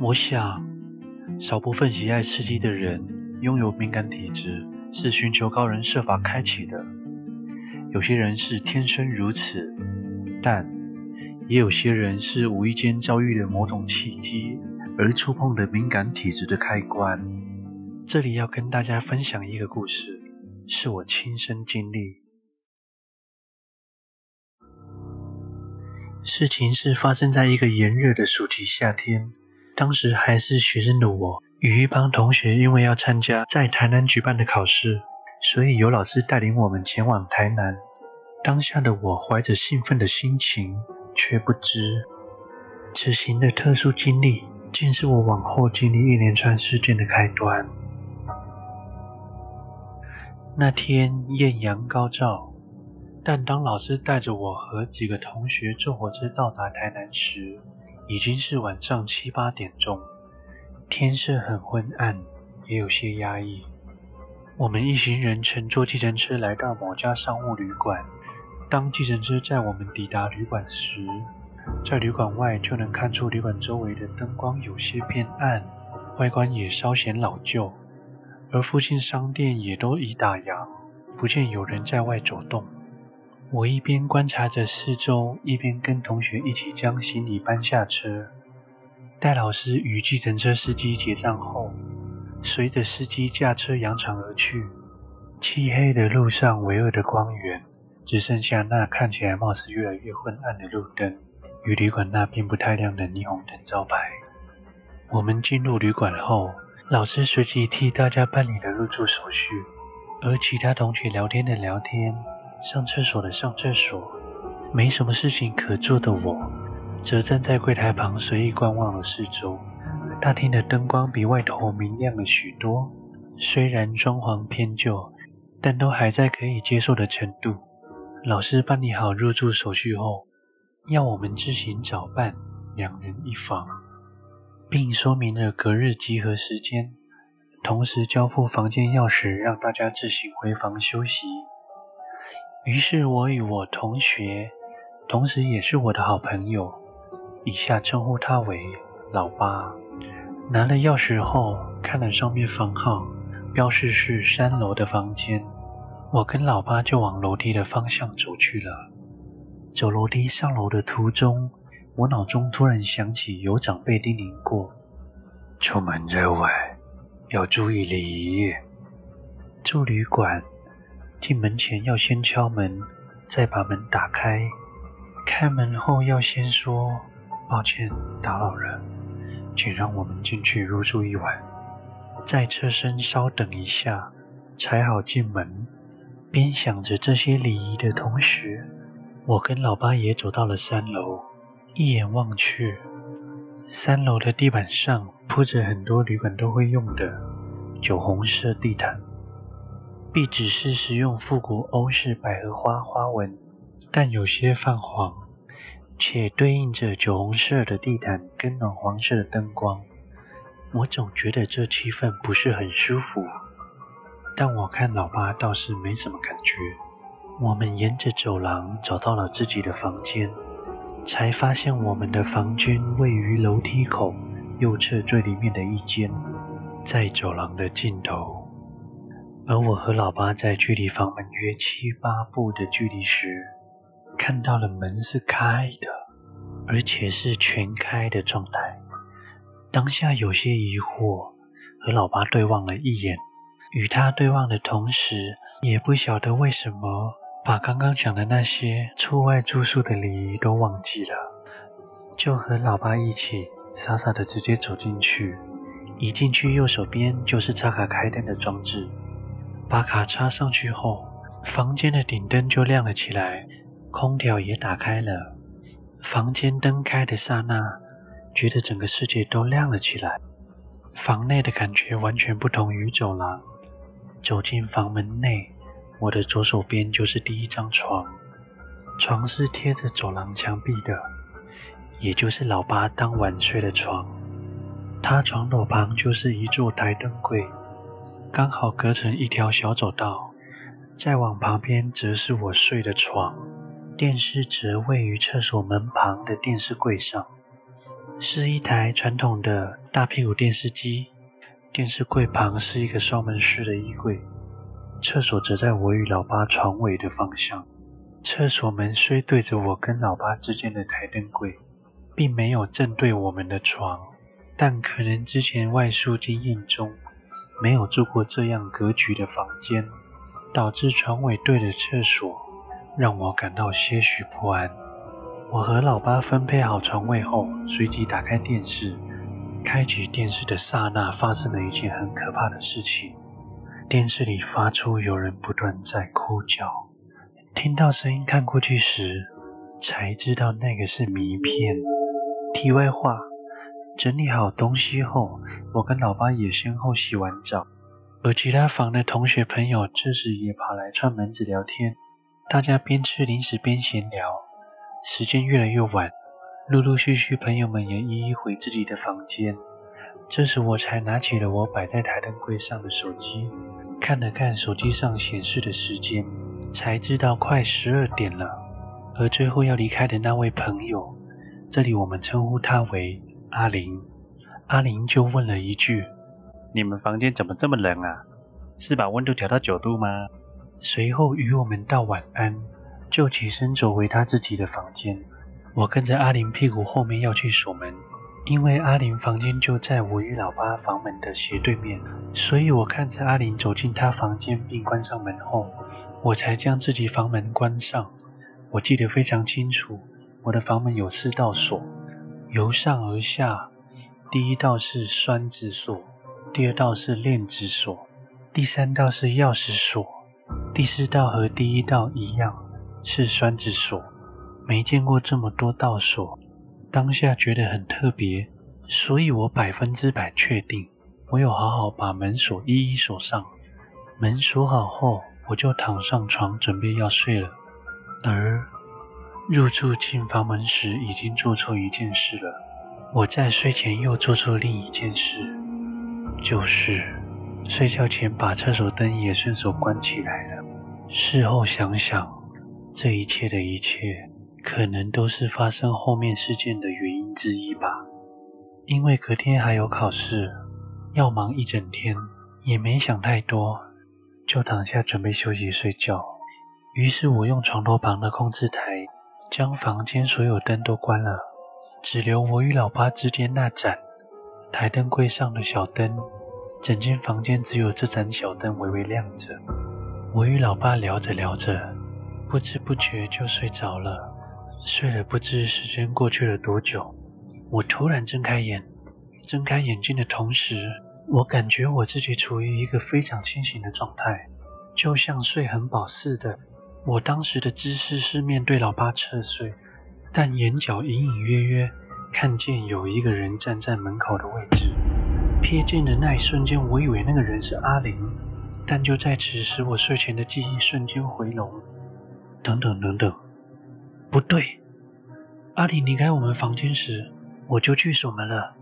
我想，少部分喜愛刺激的人擁有敏感體質，是尋求高人設法開啟的；有些人是天生如此，但也有些人是無意間遭遇了某種契機而觸碰的敏感體質的開關。這裡要跟大家分享一個故事，是我親身經歷。事情是發生在一個炎熱的暑期夏天。當時還是學生的我，與一幫同學因為要參加在台南舉辦的考試，所以由老師帶領我們前往台南。當下的我懷着興奮的心情，卻不知此行的特殊經歷，竟是我往後經歷一連串事件的開端。那天豔陽高照，但當老師帶着我和幾個同學坐火車到達台南時，已經是晚上七八點鐘，天色很昏暗，也有些壓抑。我們一行人乘坐計程車來到某家商務旅館，當計程車載我們抵達旅館時，在旅館外就能看出旅館周圍的燈光有些變暗，外觀也稍顯老舊，而附近商店也都已打烊，不見有人在外走動。我一邊觀察着四周，一邊跟同學一起將行李搬下車。待老師與計程車司機結賬後，隨着司機駕車揚長而去。漆黑的路上，唯二的光源只剩下那看起來貌似越來越昏暗的路燈與旅館那並不太亮的霓虹燈招牌。我們進入旅館後，老師隨即替大家辦理了入住手續，而其他同學聊天的聊天。上廁所的上廁所，沒什麼事情可做的我，則站在櫃台旁隨意觀望了四周。大廳的燈光比外頭明亮了許多，雖然裝潢偏舊，但都還在可以接受的程度。老師辦理好入住手續後，要我們自行找伴，兩人一房，並說明了隔日集合時間，同時交付房間鑰匙，讓大家自行回房休息。於是我與我同學，同時也是我的好朋友（以下稱呼他為老八），拿了鑰匙後，看了上面房號，標示是三樓的房間。我跟老八就往樓梯的方向走去了。走樓梯上樓的途中，我腦中突然想起有長輩叮嚀過：出門在外要注意禮儀，住旅館，進門前要先敲門，再把門打開。開門後要先說“抱歉，打擾了，請讓我們進去入住一晚”，再側身稍等一下，才好進門。邊想着這些禮儀的同時，我跟老八也走到了三樓。一眼望去，三樓的地板上鋪着很多旅館都會用的酒紅色地毯。壁紙是使用復古歐式百合花花紋，但有些泛黃，且對應着酒紅色的地毯跟暖黃色的燈光。我總覺得這氣氛不是很舒服，但我看老爸倒是沒什麼感覺。我們沿着走廊找到了自己的房間，才發現我們的房間位於樓梯口右側最裡面的一間，在走廊的盡頭。而我和老爸在距離房門約七八步的距離時，看到了門是開的，而且是全開的狀態。當下有些疑惑，和老爸對望了一眼，與他對望的同時，也不曉得為什麼把剛剛講的那些出外住宿的禮儀都忘記了，就和老爸一起傻傻的直接走進去。一進去，右手邊就是插卡開燈的裝置。把卡插上去後，房間的頂燈就亮了起來，空調也打開了。房間燈開的剎那，覺得整個世界都亮了起來。房內的感覺完全不同於走廊。走進房門內，我的左手邊就是第一張床，床是貼着走廊牆壁的，也就是老爸當晚睡的床。他床頭旁就是一座檯燈櫃。剛好隔成一條小走道，再往旁邊則是我睡的床，電視則位於廁所門旁的電視櫃上，是一台傳統的大屁股電視機。電視櫃旁是一個雙門式的衣櫃，廁所則在我與老爸床尾的方向。廁所門雖對着我跟老爸之間的台燈櫃，並沒有正對我們的床，但可能之前外宿經驗中。沒有住過這樣格局的房間，導致床尾對着廁所，讓我感到些許不安。我和老爸分配好床位後，隨即打開電視。開啟電視的剎那，發生了一件很可怕的事情。電視裡發出有人不斷在哭叫。聽到聲音看過去時，才知道那個是迷片。題外話。整理好東西後，我跟老爸也先後洗完澡，而其他房的同學朋友這時也跑來串門子聊天，大家邊吃零食邊閒聊。時間越來越晚，陸陸續續朋友們也一一回自己的房間。這時我才拿起了我擺在台燈櫃上的手機，看了看手機上顯示的時間，才知道快十二點了。而最後要離開的那位朋友，這裡我們稱呼他為。阿玲，阿玲就問了一句：“你們房間怎麼這麼冷啊？是把溫度調到九度嗎？”隨後與我們道晚安，就起身走回他自己的房間。我跟着阿玲屁股後面要去鎖門，因為阿玲房間就在我與老爸房門的斜對面，所以我看着阿玲走進他房間並關上門後，我才將自己房門關上。我記得非常清楚，我的房門有四道鎖。由上而下，第一道是栓子鎖，第二道是鏈子鎖，第三道是鑰匙鎖，第四道和第一道一樣是栓子鎖。沒見過這麼多道鎖，當下覺得很特別，所以我百分之百確定，我有好好把門鎖一一鎖上。門鎖好後，我就躺上床準備要睡了，而……入住進房門時已經做錯一件事了，我在睡前又做錯另一件事，就是睡覺前把廁所燈也順手關起來了。事後想想，這一切的一切，可能都是發生後面事件的原因之一吧。因為隔天還有考試，要忙一整天，也沒想太多，就躺下準備休息睡覺。於是我用床頭旁的控制台。將房間所有燈都關了，只留我與老爸之間那盞台燈櫃上的小燈。整間房間只有這盞小燈微微亮着。我與老爸聊着聊着，不知不覺就睡着了。睡了不知時間過去了多久，我突然睜開眼。睜開眼睛的同時，我感覺我自己處於一個非常清醒的狀態，就像睡很飽似的。我當時的姿勢是面對老爸側睡，但眼角隱隱約約看見有一個人站在門口的位置。瞥見的那一瞬間，我以為那個人是阿玲，但就在此時，我睡前的記憶瞬間回籠。等等等等，不對，阿玲離開我們房間時，我就去鎖門了。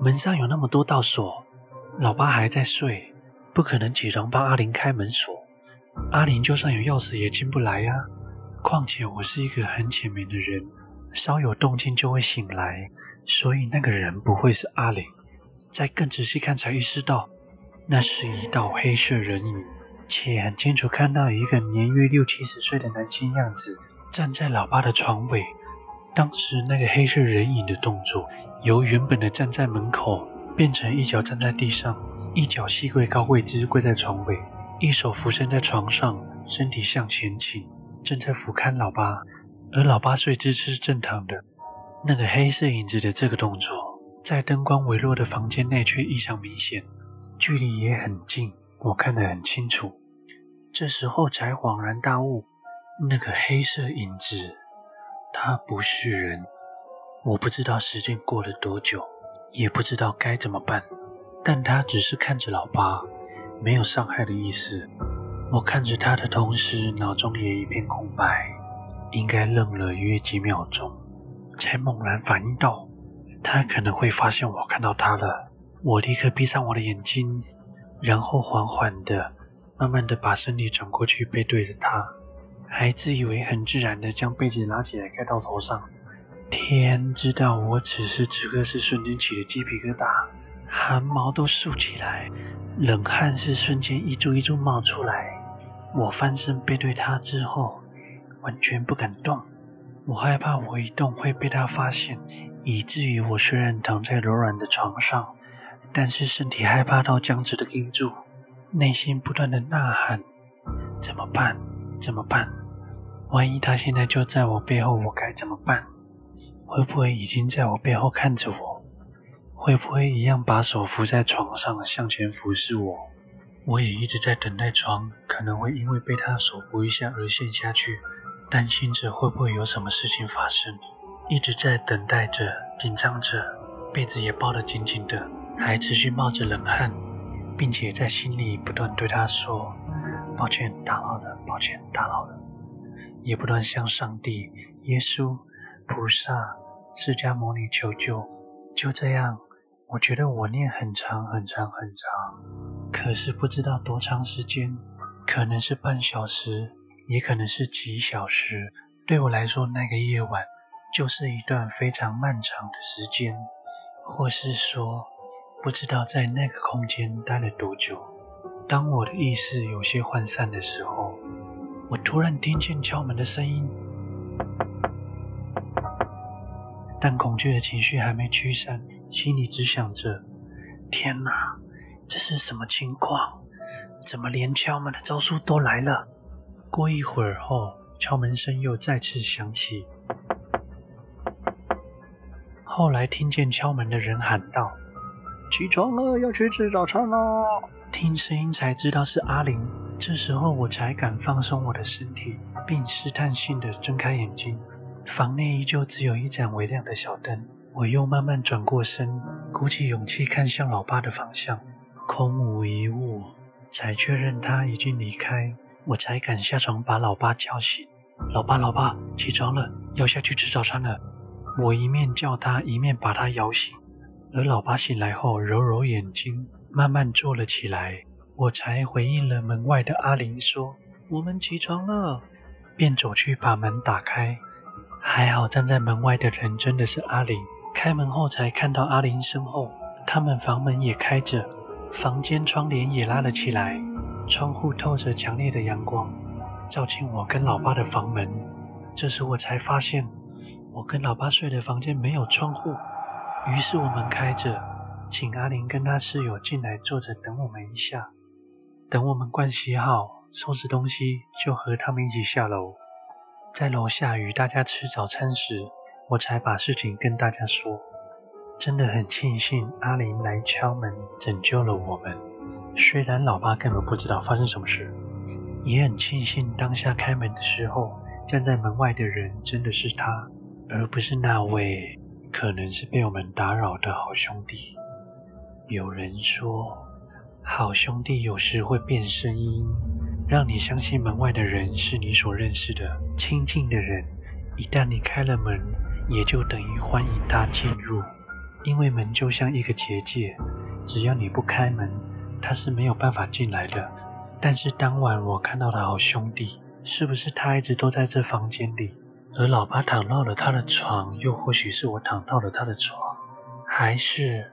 門上有那麼多道鎖，老爸還在睡，不可能起床幫阿玲開門鎖。阿玲就算有鑰匙也進不來呀，況且我是一個很淺眠的人，稍有動靜就會醒來，所以那個人不會是阿玲。再更仔細看，才意識到那是一道黑色人影，且很清楚看到一個年約六七十歲的男性樣子站在老爸的床尾。當時那個黑色人影的動作，由原本的站在門口，變成一腳站在地上，一腳膝跪高跪姿跪在床尾。一手扶身在床上，身體向前傾，正在俯瞰老八，而老八睡姿是正常的。那個黑色影子的這個動作，在燈光微弱的房間內卻異常明顯，距離也很近，我看得很清楚。這時候才恍然大悟，那個黑色影子，他不是人。我不知道時間過了多久，也不知道該怎麼辦，但他只是看着老八。沒有傷害的意思。我看着他的同時，腦中也一片空白，應該愣了約幾秒鐘，才猛然反應到，他可能會發現我看到他了。我立刻閉上我的眼睛，然後緩緩的、慢慢的把身體轉過去，背對着他，還自以為很自然的將被子拉起來蓋到頭上。天知道，我此時此刻是瞬間起的雞皮疙瘩。寒毛都豎起來，冷汗是瞬間一珠一珠冒出來。我翻身背對他之後，完全不敢動。我害怕我一動會被他發現，以至於我雖然躺在柔軟的床上，但是身體害怕到僵直的定住，內心不斷的吶喊：怎麼辦？怎麼辦？萬一他現在就在我背後，我該怎麼辦？會不會已經在我背後看着我？會不會一樣把手扶在床上向前俯視我，我也一直在等待床，可能會因為被他手扶一下而陷下去，擔心着會不會有什麼事情發生，一直在等待着，緊張着，被子也抱得緊緊的，還持續冒着冷汗，並且在心裡不斷對他說：“抱歉打擾了，抱歉打擾了。”也不斷向上帝、耶穌、菩薩、釋迦牟尼求救，就這樣。我覺得我念很長很長很長，可是不知道多長時間，可能是半小時，也可能是幾小時。對我來說，那個夜晚就是一段非常漫長的時間，或是說，不知道在那個空間待了多久。當我的意識有些渙散的時候，我突然聽見敲門的聲音。但恐懼的情緒還沒驅散，心裡只想着：天哪，這是什麼情況？怎麼連敲門的招數都來了？過一會兒後，敲門聲又再次響起。後來聽見敲門的人喊道：“起床了，要去吃早餐了。”聽聲音才知道是阿玲，這時候我才敢放鬆我的身體，並試探性地睜開眼睛。房內依舊只有一盞微亮的小燈，我又慢慢轉過身，鼓起勇氣看向老爸的方向，空無一物，才確認他已經離開，我才敢下床把老爸叫醒。老爸，老爸，起床了，要下去吃早餐了。我一面叫他，一面把他搖醒。而老爸醒來後揉揉眼睛，慢慢坐了起來，我才回應了門外的阿玲說：“我們起床了。”便走去把門打開。還好站在門外的人真的是阿玲。開門後才看到阿玲身後，他們房門也開着，房間窗簾也拉了起來，窗戶透着強烈的陽光，照進我跟老爸的房門。這時我才發現，我跟老爸睡的房間沒有窗戶，於是我們開着，請阿玲跟她室友進來坐着等我們一下，等我們盥洗好、收拾東西，就和他們一起下樓。在樓下與大家吃早餐時，我才把事情跟大家說。真的很慶幸阿林來敲門拯救了我們，雖然老爸根本不知道發生什麼事，也很慶幸當下開門的時候站在門外的人真的是他，而不是那位可能是被我們打擾的好兄弟。有人說，好兄弟有時會變聲音。讓你相信門外的人是你所認識的親近的人。一旦你開了門，也就等於歡迎他進入，因為門就像一個結界，只要你不開門，他是沒有辦法進來的。但是當晚我看到的好兄弟，是不是他一直都在這房間裡？而老爸躺到了他的床，又或許是我躺到了他的床，還是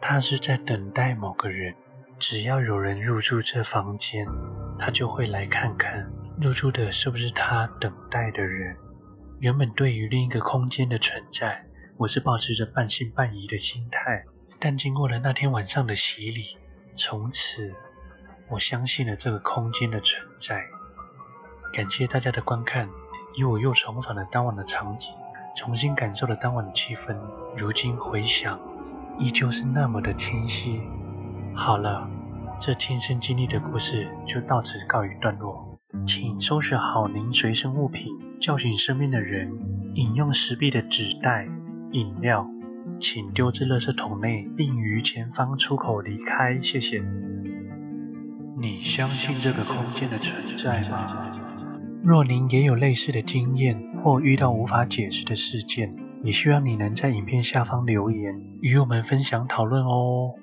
他是在等待某個人？只要有人入住這房間，他就會來看看入住的是不是他等待的人。原本對於另一個空間的存在，我是保持着半信半疑的心態，但經過了那天晚上的洗禮，從此我相信了這個空間的存在。感謝大家的觀看，以我又重返了當晚的場景，重新感受了當晚的氣氛。如今回想，依舊是那麼的清晰。好了，這親身經歷的故事就到此告一段落。請收拾好您隨身物品，叫醒身邊的人，飲用石壁的紙袋飲料，請丟至垃圾桶內，並於前方出口離開。謝謝。你相信這個空間的存在嗎？若您也有類似的經驗或遇到無法解釋的事件，也希望你能在影片下方留言，與我們分享討論哦。